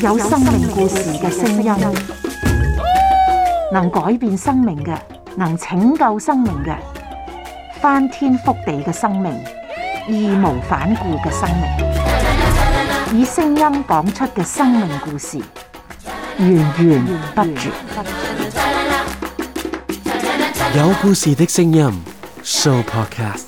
有生命故事嘅聲音，能改變生命嘅，能拯救生命嘅，翻天覆地嘅生命，義無反顧嘅生命，以聲音講出嘅生命故事，源源不絕。有故事嘅聲音，Show Podcast。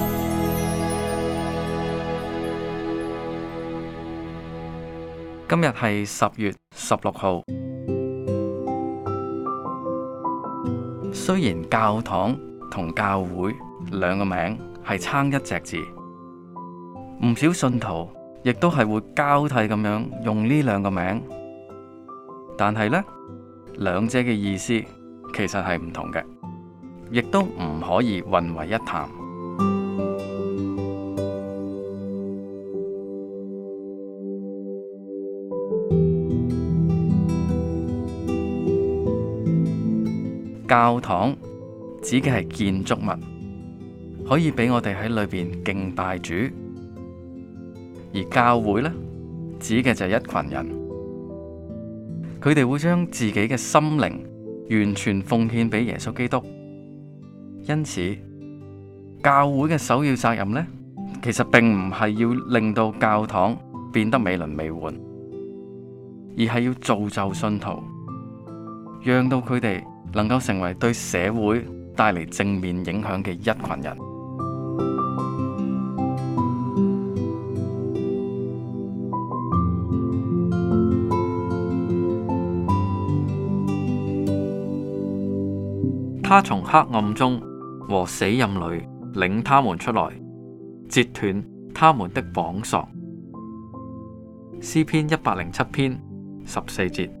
今日係十月十六號。雖然教堂同教會兩個名係差一隻字，唔少信徒亦都係會交替咁樣用呢兩個名，但係呢兩者嘅意思其實係唔同嘅，亦都唔可以混為一談。教堂指嘅係建築物，可以俾我哋喺裏邊敬拜主；而教會咧指嘅就係一群人，佢哋會將自己嘅心靈完全奉獻俾耶穌基督。因此，教會嘅首要責任咧，其實並唔係要令到教堂變得美輪美奐，而係要造就信徒，讓到佢哋，能夠成為對社會帶嚟正面影響嘅一群人。他從黑暗中和死蔭裏領他們出來，截斷他們的綁索。詩篇一百零七篇十四節。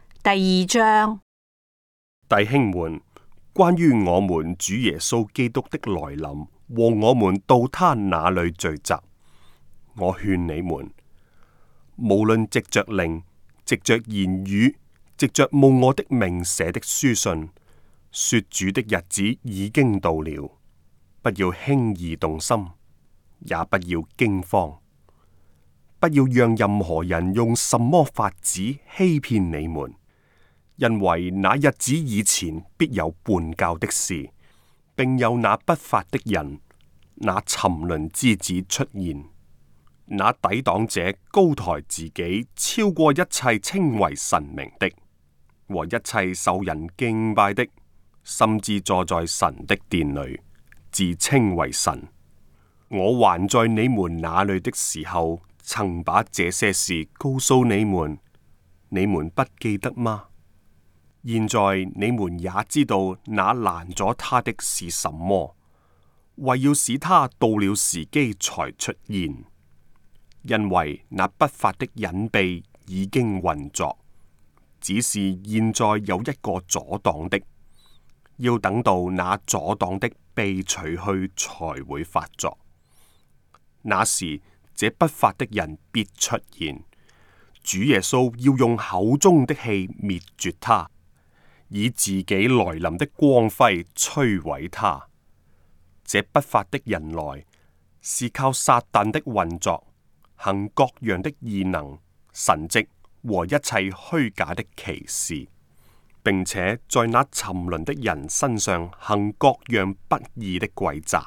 第二章，弟兄們，關於我們主耶穌基督的來臨和我們到他那裏聚集，我勸你們，無論藉着靈、藉着言語、藉着冒我的名寫的書信，說主的日子已經到了，不要輕易動心，也不要驚慌，不要讓任何人用什麼法子欺騙你們。因為那日子以前必有叛教的事，並有那不法的人、那沉淪之子出現，那抵擋者高抬自己，超過一切稱為神明的和一切受人敬拜的，甚至坐在神的殿裏自稱為神。我還在你們那裏的時候，曾把這些事告訴你們，你們不記得嗎？現在你們也知道，那攔咗他的是什麼，為要使他到了時機才出現。因為那不法的隱秘已經運作，只是現在有一個阻擋的，要等到那阻擋的被除去才會發作。那時，這不法的人必出現。主耶穌要用口中的氣滅絕他。以自己來臨的光輝摧毀他。這不法的人來，是靠撒旦的運作，行各樣的異能、神蹟和一切虛假的奇事，並且在那沉淪的人身上行各樣不義的詭詐，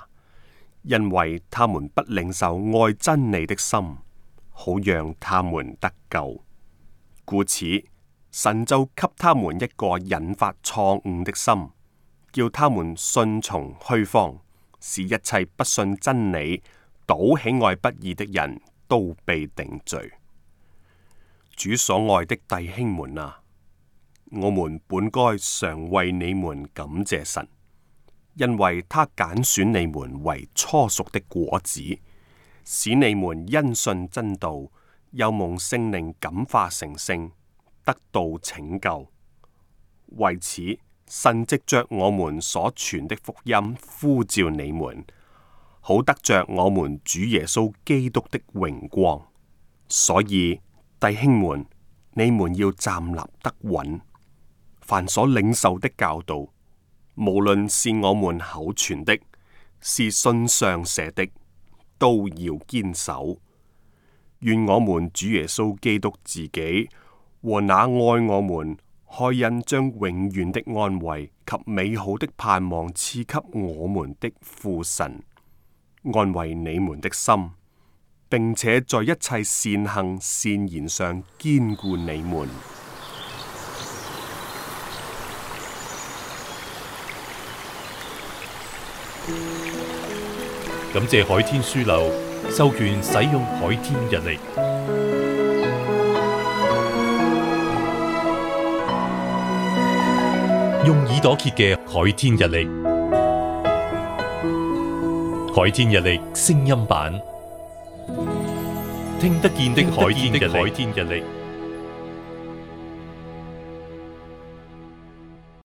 因為他們不領受愛真理的心，好讓他們得救。故此。神就給他們一個引發錯誤的心，叫他們信從虛方，使一切不信真理、倒喜愛不義的人都被定罪。主所愛的弟兄們啊，我們本該常為你們感謝神，因為他揀選你們為初熟的果子，使你們因信真道，又蒙聖靈感化成聖。得到拯救，為此神藉着我們所傳的福音呼召你們，好得着我們主耶穌基督的榮光。所以弟兄們，你們要站立得穩，凡所領受的教導，無論是我們口傳的，是信上寫的，都要堅守。願我們主耶穌基督自己。和那愛我們、開恩將永遠的安慰及美好的盼望賜給我們的父神，安慰你們的心，並且在一切善行善言上堅固你們。感謝海天書樓授權使用海天日曆。用耳朵揭嘅《海天日曆》，《海天日曆》聲音版，聽得見的《海天日曆》。